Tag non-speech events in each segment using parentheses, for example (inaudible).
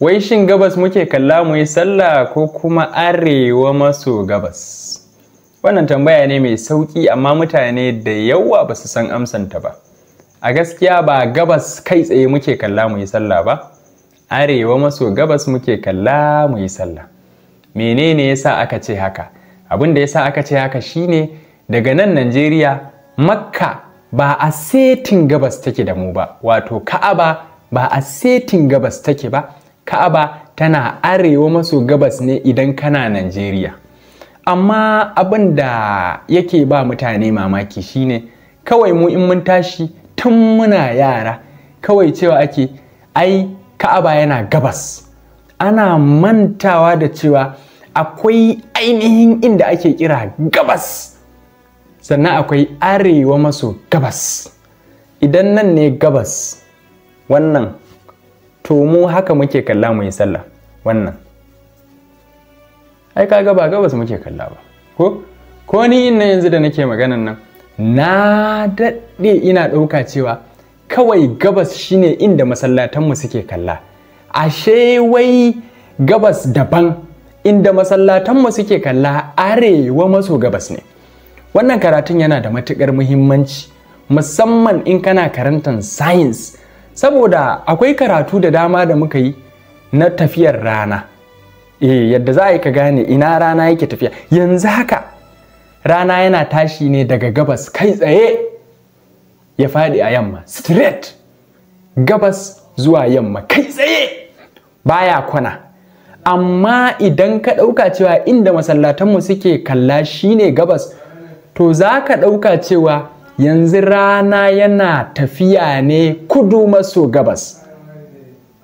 wai shin gabas muke kalla mu yi sallah ko kuma arewa maso gabas wannan tambaya ne mai sauƙi amma mutane da yawa ba su san amsanta ba a gaskiya ba gabas kai tsaye muke kalla mu yi sallah ba arewa maso gabas muke kalla mu yi sallah menene yasa aka ce haka abin da yasa aka ce haka shine daga nan Najeriya makka ba a setin gabas take da mu ba wato ka'aba ba a setin gabas take ba Ka'aba tana arewa maso gabas ne idan kana Najeriya. Amma abin da yake ba mutane mamaki shine kawai mu in mun tashi tun muna yara kawai cewa ake ai Ka'aba yana gabas. Ana mantawa da cewa akwai ainihin inda ake kira gabas sannan akwai arewa maso gabas. Idan nan ne gabas wannan to mu haka muke kalla mu yi sallah wannan ai kaga ba gabas muke kalla ba ko ko ni inna yanzu da nake maganan nan na daɗe ina ɗauka cewa kawai gabas shine inda masallatanmu suke kalla ashe wai gabas daban inda masallatanmu suke kalla arewa maso gabas ne wannan karatun yana da matukar muhimmanci musamman in kana karantar science saboda akwai karatu da dama da muka yi na tafiyar rana E, yadda za a yi ka gane ina rana yake tafiya yanzu haka rana yana tashi ne daga gabas kai tsaye ya faɗi a yamma straight gabas zuwa yamma kai tsaye baya kwana amma idan ka ɗauka cewa inda masallatanmu suke kalla shine gabas to za ka ɗauka cewa yanzu rana yana tafiya ne kudu maso gabas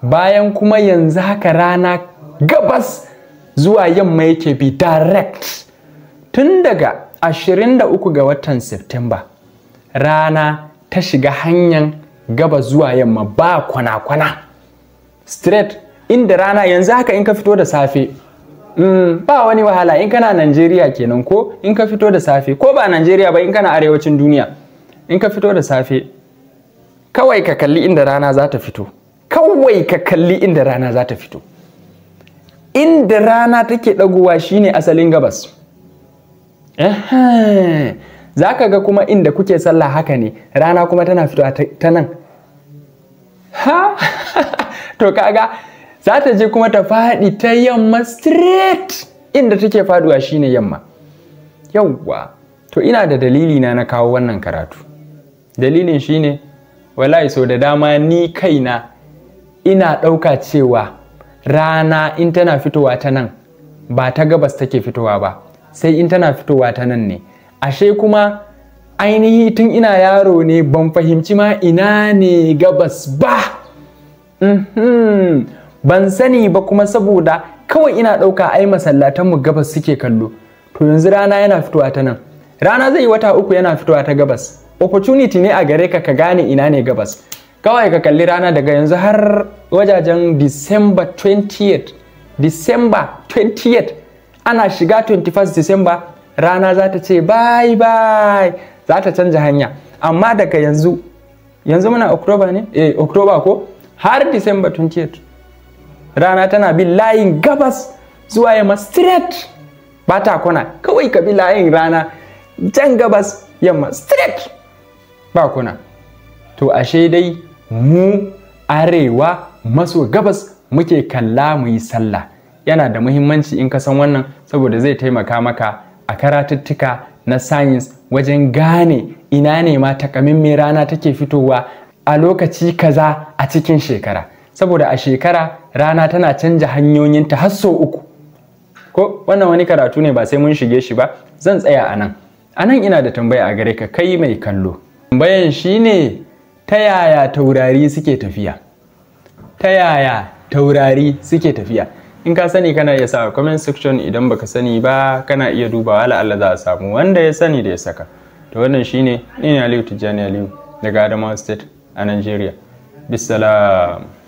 bayan kuma yanzu haka rana gabas zuwa yamma yake bi direct tun daga 23 ga watan Septemba rana ta shiga hanyar gaba zuwa yamma ba kwana-kwana straight inda rana yanzu haka in ka fito da safe Mm, ba wani wahala in kana Najeriya kenan ko in ka fito da safe ko ba Najeriya ba in kana arewacin duniya in ka fito da safe kawai ka kalli inda rana za ta fito kawai ka kalli inda rana za ta fito inda rana take ɗaguwa shine asalin gabas za ka ga kuma inda kuke sallah haka ne rana kuma tana fito ta nan ha (laughs) to kaga za ta je kuma ta faɗi ta yamma straight inda take faduwa shine yamma yawwa to ina da dalili na na kawo wannan karatu dalilin shine wallahi so da dama ni kaina ina ɗauka cewa rana in tana fitowa ta nan ba ta gabas take fitowa ba sai in tana fitowa ta nan ne ashe kuma ainihi tun ina yaro ne ban fahimci ma ina ne gabas ba uhm, ban sani ba kuma saboda kawai ina ɗauka ai masallatanmu gabas suke kallo to yanzu rana yana fitowa ta nan rana zai yi wata uku yana fitowa ta gabas opportunity ne a gare ka ka gane ina ne gabas kawai ka kalli rana daga yanzu har wajajen december 20th december 20th ana shiga 21st december rana za ta ce bye bye za ta canja hanya amma daga yanzu yanzu muna october ne eh october ko har december 20th rana tana bin layin gabas zuwa yamma straight ba ta kwana kawai ka bi layin rana jan gabas yamma straight ba kuna to ashe dai mu arewa maso gabas muke kalla mu yi sallah yana da muhimmanci in ka san wannan saboda zai taimaka maka a karatuttuka na science wajen gane ina ne ma mai rana take fitowa a lokaci kaza a cikin shekara saboda a shekara rana tana canja hanyoyinta har sau uku ko wannan wani karatu ne ba sai mun shige shi ba zan tsaya anan. Anan ina da tambaya a gare ka kai mai kallo Tambayan shine ta yaya taurari suke tafiya? Ta yaya taurari suke tafiya? In ka sani kana iya sa a comment section idan baka sani ba kana iya dubawa la'alla za a samu wanda ya sani da ya saka. To wannan shine ni ne Aliyu Tijjani Aliyu daga Adamawa State a Nigeria. Bisalam.